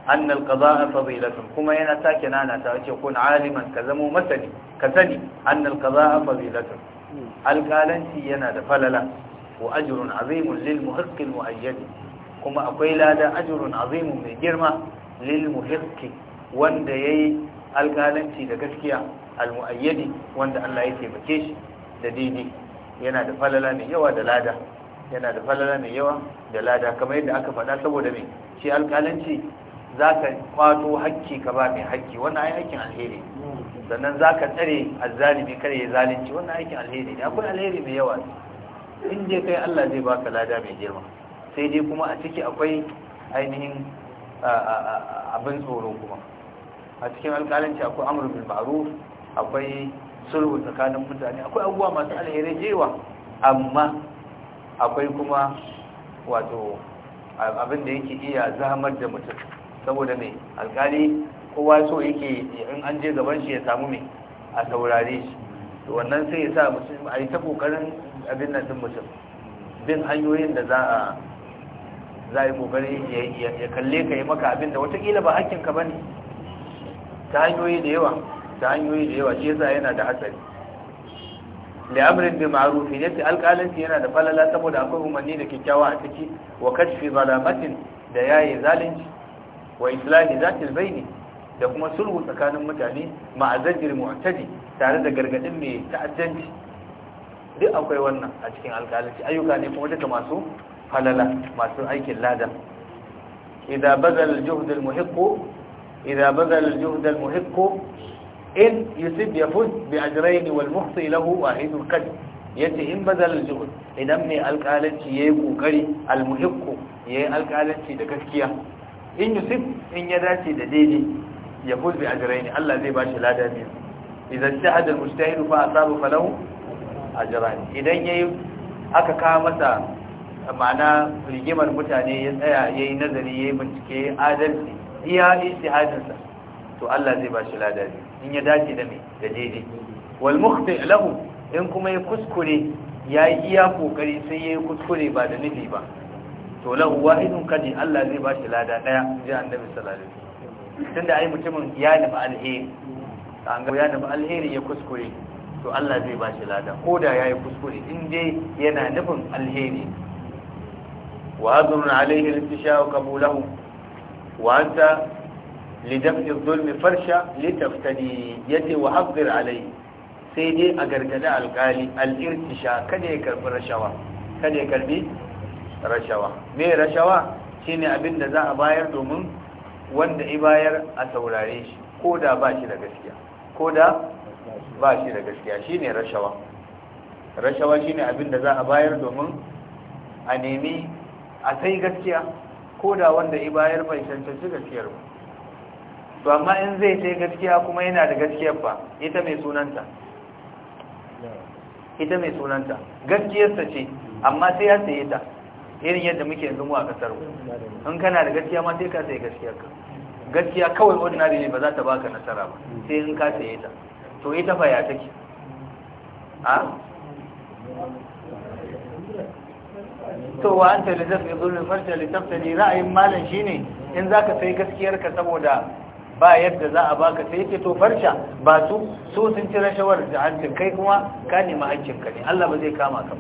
anna alqada'a fadilatun kuma yana take nana ta ce kun aliman ka zamo masani ka sani anna alqada'a fadilatun alƙalanci yana da falala wa ajirun azimun lil muhaqqil muayyad kuma akwai lada ajirun azimun mai girma lil muhaqqi wanda ya yi alƙalanci da gaskiya al wanda Allah ya taimake shi da daidai yana da falala mai yawa da lada yana da falala mai yawa da lada kamar yadda aka faɗa saboda mai shi alƙalanci za ka kwato hakki ka ba mai hakki wannan ai aikin alheri sannan za ka tsare azzalimi kare ya zalunci wannan aikin alheri ne akwai alheri mai yawa in je kai Allah zai baka lada mai girma sai dai kuma a ciki akwai ainihin abin tsoro kuma a cikin alƙalanci akwai amru bil ma'ruf akwai sulhu tsakanin mutane akwai abubuwa masu alheri jewa amma akwai kuma wato abin da yake iya zamar da mutum saboda mai alkali kowa so yake in an je gaban shi ya samu mai a saurare shi to wannan sai ya sa mutum a yi ta kokarin abin nan din mutum bin hanyoyin da za a za yi kokari ya kalle ka yi maka abin da watakila ba hakkin ba ne ta hanyoyi da yawa ta hanyoyi da yawa shi yasa yana da hatsari li'amrin bi ma'ruf ne sai alƙalanci yana da falala saboda akwai umarni da kyakkyawa a ciki wa kashfi zalamatin da yayi zalunci wa islahi zatil baini da kuma sulhu tsakanin mutane ma'azajir mu'tadi tare da gargadin mai ta'addanci duk akwai wannan a cikin alƙalanci ayyuka ne kuma duka masu halala masu aikin lada idza bazal juhd al muhiq idza bazal juhd al muhiq in yusib yafuz bi ajrayn wal muhsi lahu wahid al qad yace in bazal al juhd idan mai alƙalanci yayi kokari al muhiq yayi alƙalanci da gaskiya in yusuf in ya dace da daidai ya a jirai ne Allah zai ba shi lada biyu idan yi al a fa asabu falahu jirai idan yi aka kawo masa ma'ana rigimar mutane ya tsaya ya yi nazari ya yi bincike adalci iya istihadinsa to Allah zai ba shi lada biyu in ya dace da mai da daidai wal mukhti lahu in kuma ya kuskure ya yi iya kokari sai ya yi kuskure ba da nufi ba to lahu wahidun kadi Allah zai ba shi lada daya ji annabi sallallahu alaihi wasallam tunda ai mutumin ya nufi alheri an ga ya nufi alheri ya kuskure to Allah zai ba shi lada ko da yayi kuskure in dai yana nufin alheri wa hadrun alaihi al-istishaa'u qabulahu wa anta lidaf'i adh-dhulmi farsha litaftadi yati wa hadhir alaihi sai dai a gargada alkali al-irtisha kada ya karbi rashawa kada ya karbi rashawa me rashawa shine abin da za a bayar domin wanda i bayar a saurare shi ko da ba shi da gaskiya ko da ba shi da gaskiya shine rashawa rashawa shine abin da za a bayar domin a nemi a sai gaskiya ko da wanda i bayar bai cancanci gaskiyar ba to amma in zai sai gaskiya kuma yana da gaskiyar ba ita mai sunanta ita mai sunanta gaskiyarsa ce amma sai ya saye ta irin yadda muke yanzu mu a kasar mu in kana da gaskiya ma sai ka sai gaskiya ka gaskiya kawai ordinary ne ba za ta baka nasara ba sai in ka saye ta to ita fa ya take a to wa anta lazaf yadhul farta li tabtali ra'ayin malan shine in zaka sai gaskiyar ka saboda ba yadda za a baka sai yake to farca ba su so sun ci rashawar da hancin kai kuma ka nemi hancinka ne Allah ba zai kama ka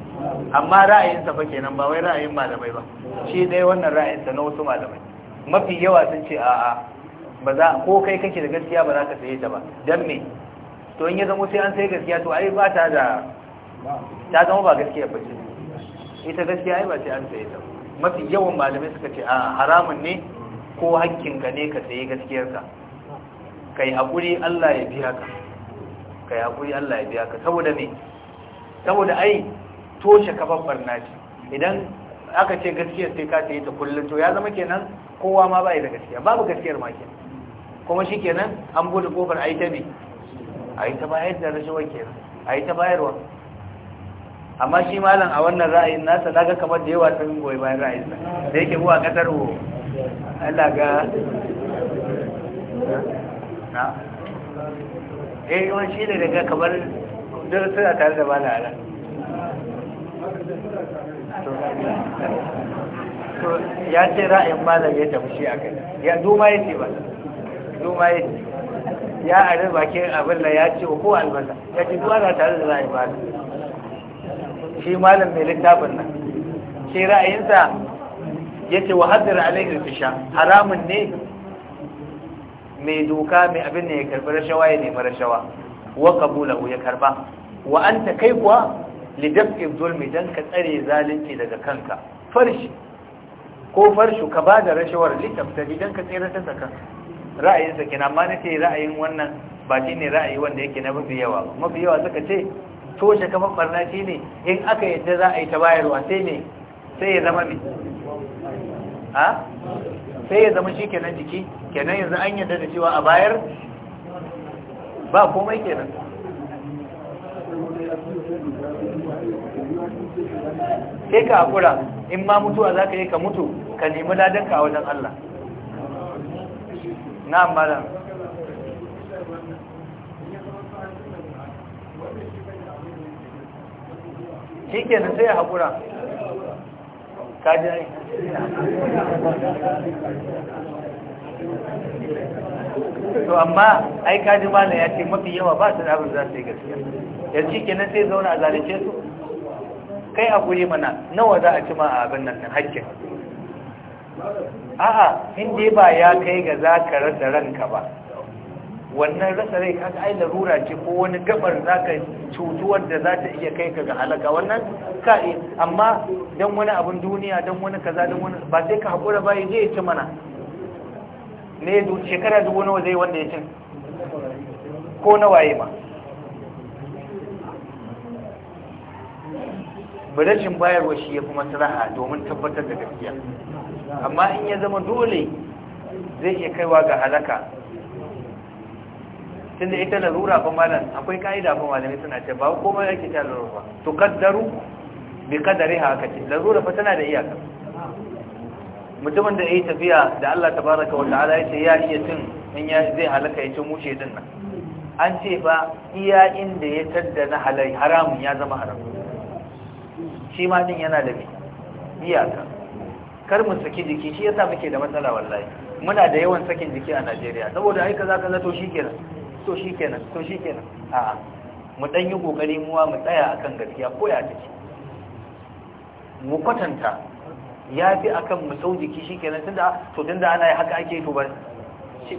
amma ra'ayinsa fa kenan ba wai ra'ayin malamai ba shi dai wannan ra'ayinsa na wasu malamai mafi yawa sun ce a'a ba za ko kai kake da gaskiya ba za ka saye ta ba dan me to in ya zamo sai an sai gaskiya to ai ba ta da ta zama ba gaskiya ba ce ita gaskiya ai ba sai an saye ta mafi yawan malamai suka ce a haramun ne ko ka ne ka saye gaskiyarka kai haƙuri Allah ya biya ka kai haƙuri Allah ya biya ka saboda me saboda ai toshe kafan barna ce idan aka ce gaskiyar sai ka tayi ta kullum to ya zama kenan kowa ma ba da gaskiya babu gaskiyar ma kenan kuma shi kenan an bude kofar ai ta me ai ta bayar da rashawa kenan ai ta bayarwa amma shi malam a wannan ra'ayin nasa daga kamar da yawa sun goyi bayan ra'ayin da yake buwa kasar Allah ga eh yawan shi ne daga kamar duk suna tare da bala ala to ya ce ra'ayin malam ya tafi shi a akai ya duma ya ce ba duma ya ce ya ari bakin abin da ya ce ko albasa ya ce duk ana tare da ra'ayin malam shi malam mai littafin nan shi ra'ayinsa ya ce wa haddara alaihi fisha haramun ne mai doka mai abin da ya karbi rashawa ya nemi rashawa wa qabulahu ya karba wa anta kai kuwa li daf'i zulmi dan ka tsare zalunci daga kanka farshi ko farshu ka bada rashawar li tabtadi dan ka tsere ta tsakan. ra'ayin sa kenan amma nace ra'ayin wannan ba shine ra'ayi wanda yake na mafi yawa ba. mafi yawa suka ce toshe kafan shi ne in aka yadda za a yi ta bayarwa sai ne sai ya zama ne A? sai ya zama shi kenan jiki kenan yanzu an yadda da cewa a bayar ba komai kenan sai ka haƙura, in ma mutuwa za ka yi ka mutu ka nemi ladanka a wajen Allah na amala shi kenan sai ya haƙura. to amma ai kaji mana ya ce mafi yawa ba su da abin za su yi gaskiya yanzu ke nan sai zauna a zalice su kai a guri mana nawa za a ci a abin nan hakkin a'a in ba ya kai ga za ka rasa ranka ba wannan rasa rai ga ainihin rura ce ko wani gabar ka cutuwar da za ta iya kai ka ga halaka wannan ka amma don wani abun duniya don wani kaza don wani ba sai ka haƙura bayan zai ci mana ne shekara dubu nawa zai wanda ya cin ko na waye ma rashin bayarwa shi ya fi maslaha domin tabbatar da gaskiya amma in ya zama dole zai iya kaiwa ga halaka tunda ita larura fa malam akwai ka'ida ba malami suna ce ba komai yake ta larura ba to kaddaru bi qadariha kace larura fa tana da iyaka mutumin da yayi tafiya da Allah tabaraka wa ta'ala yace ya iya cin in ya zai halaka ya ci mushe din nan an ce ba iya inda ya tadda na halai haramun ya zama haram shi ma din yana da iyaka kar mu saki jiki shi yasa muke da matsala wallahi muna da yawan sakin jiki a Najeriya saboda ai kaza kaza to shikenan to shi kenan to shi kenan a mu ɗan yi ƙoƙari muwa mu tsaya a kan gaskiya ko ya take mu kwatanta ya fi a mu sau jiki shi kenan tunda to tunda ana yi haka ake to ba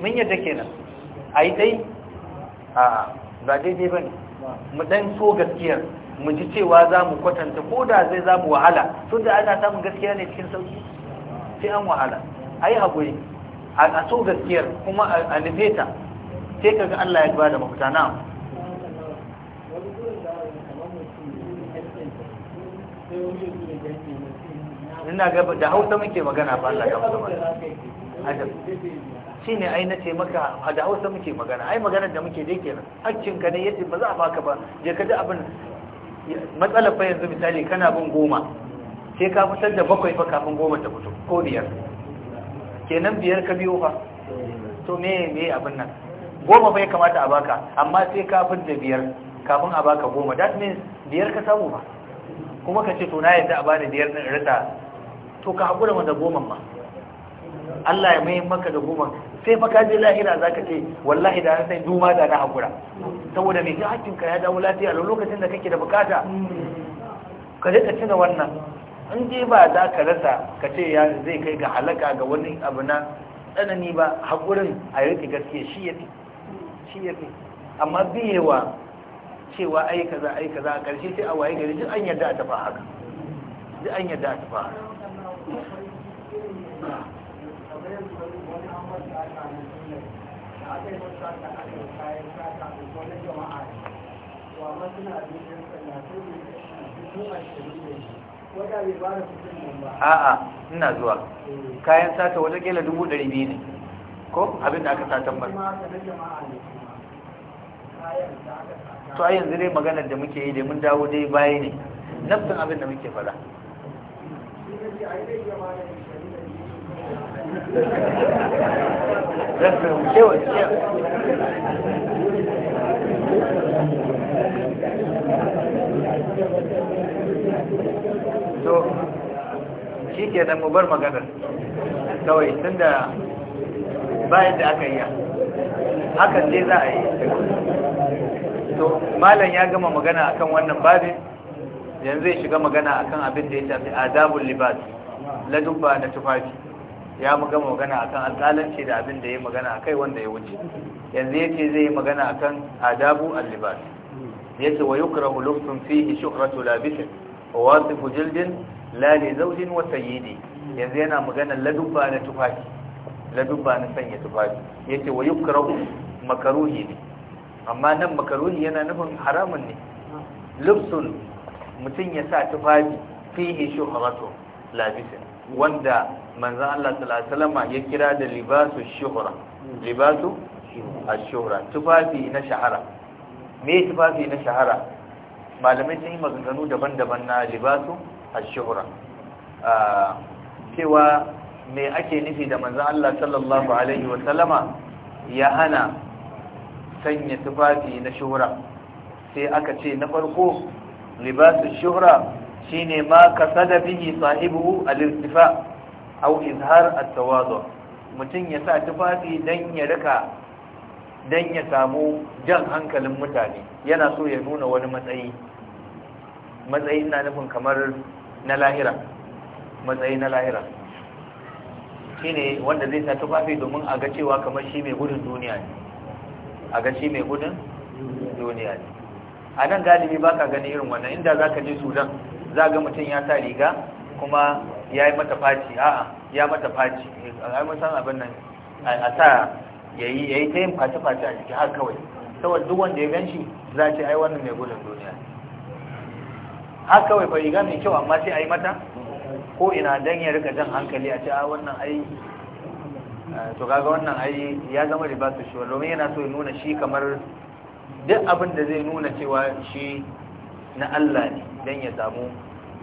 mun yadda kenan a yi a ba dai ba ne mu ɗan so gaskiyar mu ji cewa za mu kwatanta ko da zai za mu wahala tun da ana samun gaskiya ne cikin sauki sai an wahala a yi haƙuri a so gaskiyar kuma a nufeta. sai kaga Allah ya bada mafita na ina ga da Hausa muke magana ba Allah ya Hausa Shi shine ai na ce maka da Hausa muke magana ai magana da muke dai kenan hakkin ka ne yace ba za a baka ba je ka ji abin matsalar fa yanzu misali kana bin goma sai ka fitar da bakwai fa kafin goma ta fito ko biyar kenan biyar ka biyo fa to me me abin nan goma bai kamata a baka amma sai kafin da biyar kafin a baka goma that means biyar ka samu ba kuma ka ce to na yadda a bani biyar din rita to ka haƙura da goma ma Allah ya mai maka da goma sai fa ka je lahira zaka ce wallahi da sai duma da na haƙura saboda me ga hakkin ka ya dawo lafiya a lokacin da kake da bukata ka je ka tuna wannan in dai ba za ka rasa ka ce ya zai kai ga halaka ga wani abu na tsanani ba haƙurin a yi gaskiya shi ya fi shi ya fi amma biyewa cewa ai kaza ai kaza a ƙarshe sai a waye gari duk an yadda a tafa haka duk an yadda a tafa haka a'a ina zuwa kayan sata wajen kila dubu ɗari biyu ne ko abin da aka satan bar to a yanzu dai maganar da muke yi da mun dawo dai baya ne nafsin abin da muke fada to shi ke da mu bar maganar kawai tun da bayan da aka yi hakan ne za a yi to malam ya gama magana akan wannan babin yanzu zai shiga magana akan abin da ya shafi adabul libas ladubba na tufafi ya mu gama magana akan alƙalanci da abin da ya magana akai wanda ya wuce yanzu yace zai yi magana akan adabu al-libas yace wa yukrahu luftun fihi shuhratu labisin wa wasifu jildin la li zawjin wa sayyidi yanzu yana magana ladubba na tufafi ladubba na sanya tufafi yace wa yukrahu makaruhi ne amma nan makaruni yana nufin haramun ne lubsun mutum ya sa tufafi fihi horato labisin wanda manzan Allah salama ya kira da libasu shihura. libasu a shihura. tufafi na shahara me tufafi na shahara malamai sun yi maganganu daban-daban na libasu a shihura. Ah, cewa me ake nufi da manzan Allah sallallahu alaihi wasallama ya hana sanya tufafi na shuhura sai aka ce na farko libasu shuhura shine ma kasada bihi sahibu al-irtifa aw izhar at-tawadu mutum ya sa tufafi dan ya rika dan ya samu jan hankalin mutane yana so ya nuna wani matsayi matsayi na nufin kamar na lahira matsayi na lahira shine wanda zai sa tufafi domin a ga cewa kamar shi mai gudun duniya ne a ga shi mai gudun duniya ne a nan galibi ba ka gani irin wannan inda za ka je sudan za ga mutum ya sa riga kuma ya yi mata faci a'a ya mata faci a yi musan abin nan a sa ya yi ta yin faci-faci a jiki har kawai saboda duk wanda ya gan shi za ce ai wannan mai gudun duniya har kawai fa riga mai kyau amma sai a yi mata ko ina dan ya rika jan hankali a ce a wannan ai Eh, to kaga wannan ai ya zama riba su shi domin yana so ya nuna shi kamar duk abin da zai nuna cewa shi na Allah ne dan ya samu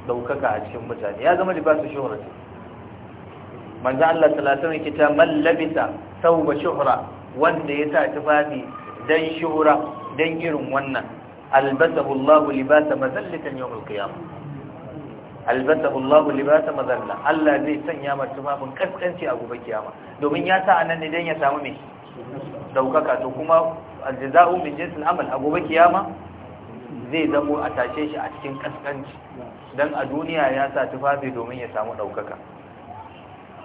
daukaka a cikin mutane ya zama riba su shuhra manzo Allah sallallahu alaihi wasallam kita man shuhra wanda ya sa tufafi dan shuhra dan irin wannan albasahu Allah libasa mazallatan yawm alqiyamah albasahu Allahu libasa mazalla Allah zai sanya ma tufafin kaskanci a gobe kiyama domin ya sa anan ne dan ya samu me daukaka to kuma aljaza'u min jinsil amal a gobe kiyama zai zamo a tashe shi a cikin kaskanci dan a duniya ya sa tufafi domin ya samu daukaka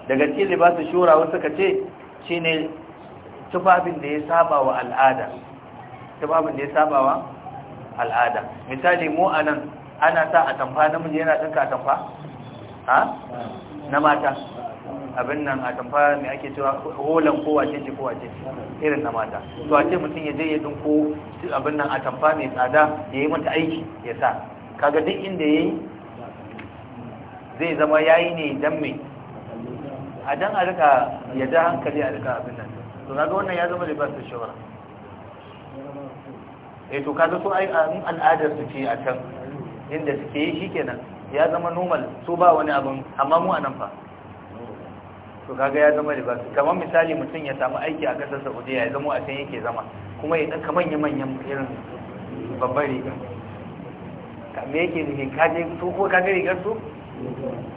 daga cikin libasu shura wasu ka ce shine tufafin da ya saba wa al'ada tufafin da ya saba wa al'ada misali mu anan ana sa a tamfa namiji yana ɗinka a tamfa ha na mata abin nan a tamfa mai ake cewa holan kowa ce ce kowa ce irin na mata to a ce mutum ya je ya dinko abin nan a tamfa mai tsada ya yi mata aiki ya sa kaga duk inda ya yi zai zama ya yi ne don mai a dan a rika ya ja hankali a rika abin nan to ga wannan ya zama su shawara eh to kaga so ai al'adar su ce a can inda suke yi shi kenan ya zama normal su ba wani abin amma mu a nan fa to kaga ya zama riba kamar misali mutum ya samu aiki a kasar Saudi ya zama a can yake zama kuma ya ɗauka manya-manyan irin babban ka me yake da ka kaje su ko ga rigar su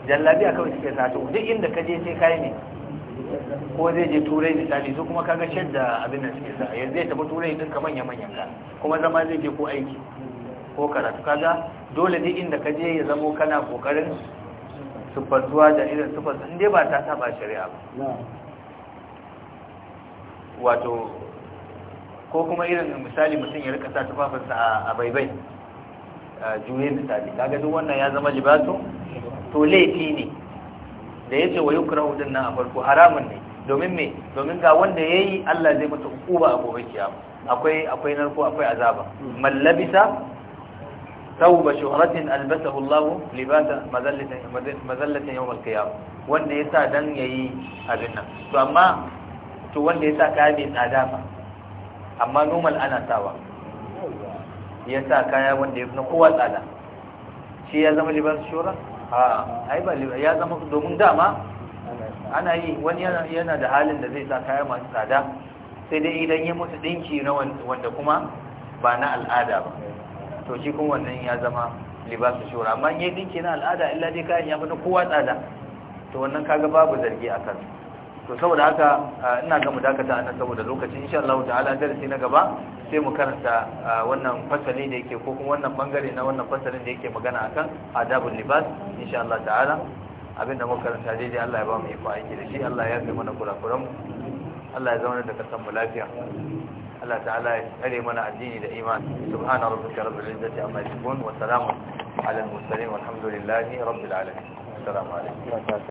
jallabi a suke sa to duk inda ka je sai kai ne ko zai je turai misali su kuma kaga shedda abin da suke sa yanzu zai tafi turai ɗin ka manya-manyan ka kuma zama zai je ko aiki ko karatu kaga dole ne inda ka je ya zamo kana kokarin sufantuwa da irin sufantuwa inda ba ta taba shari'a ba wato ko kuma irin misali mutum ya rika sa tufafinsa a baibai juye misali kaga duk wannan ya zama libato to laifi ne da yace wa yukrahu din nan a farko haramun ne domin me domin ga wanda yayi Allah zai mata hukuma a gobe kiyama akwai akwai narko akwai azaba hmm. mallabisa ثوب شهرة ألبسه الله لباس مذلة مذلة يوم القيامة وان يسا دان يي أبنا تو أما تو وان يسا كابي أدافا أما نوم الأنا ساوا يسا كايا وان يبنى قوة الأنا شي يا زمان لباس شهرة آه أي با يا زمان دومون داما أنا يي وان ينا ده حال ده زي سا كايا ما سادا sai dai idan ya mutu dinki na wanda kuma ba na al'ada ba to shi kuma wannan ya zama libasu shura amma in yi dinki na al'ada illa dai kayan ya fita kowa tsada to wannan kaga babu zargi a kan to saboda haka ina ga mudakata anan saboda lokacin insha Allah ta'ala darasi na gaba sai mu karanta wannan fasali da yake ko kuma wannan bangare na wannan fasalin da yake magana akan adabul libas insha Allah ta'ala abinda muka karanta daidai Allah ya ba mu iko aiki da shi Allah ya yi mana kurakuran Allah ya zauna da kasan mu lafiya Allah ta'ala ya tsare mana addini da iman subhana rabbika rabbil izzati amma yasifun wa salamun ala al mursalin walhamdulillahi rabbil alamin assalamu alaikum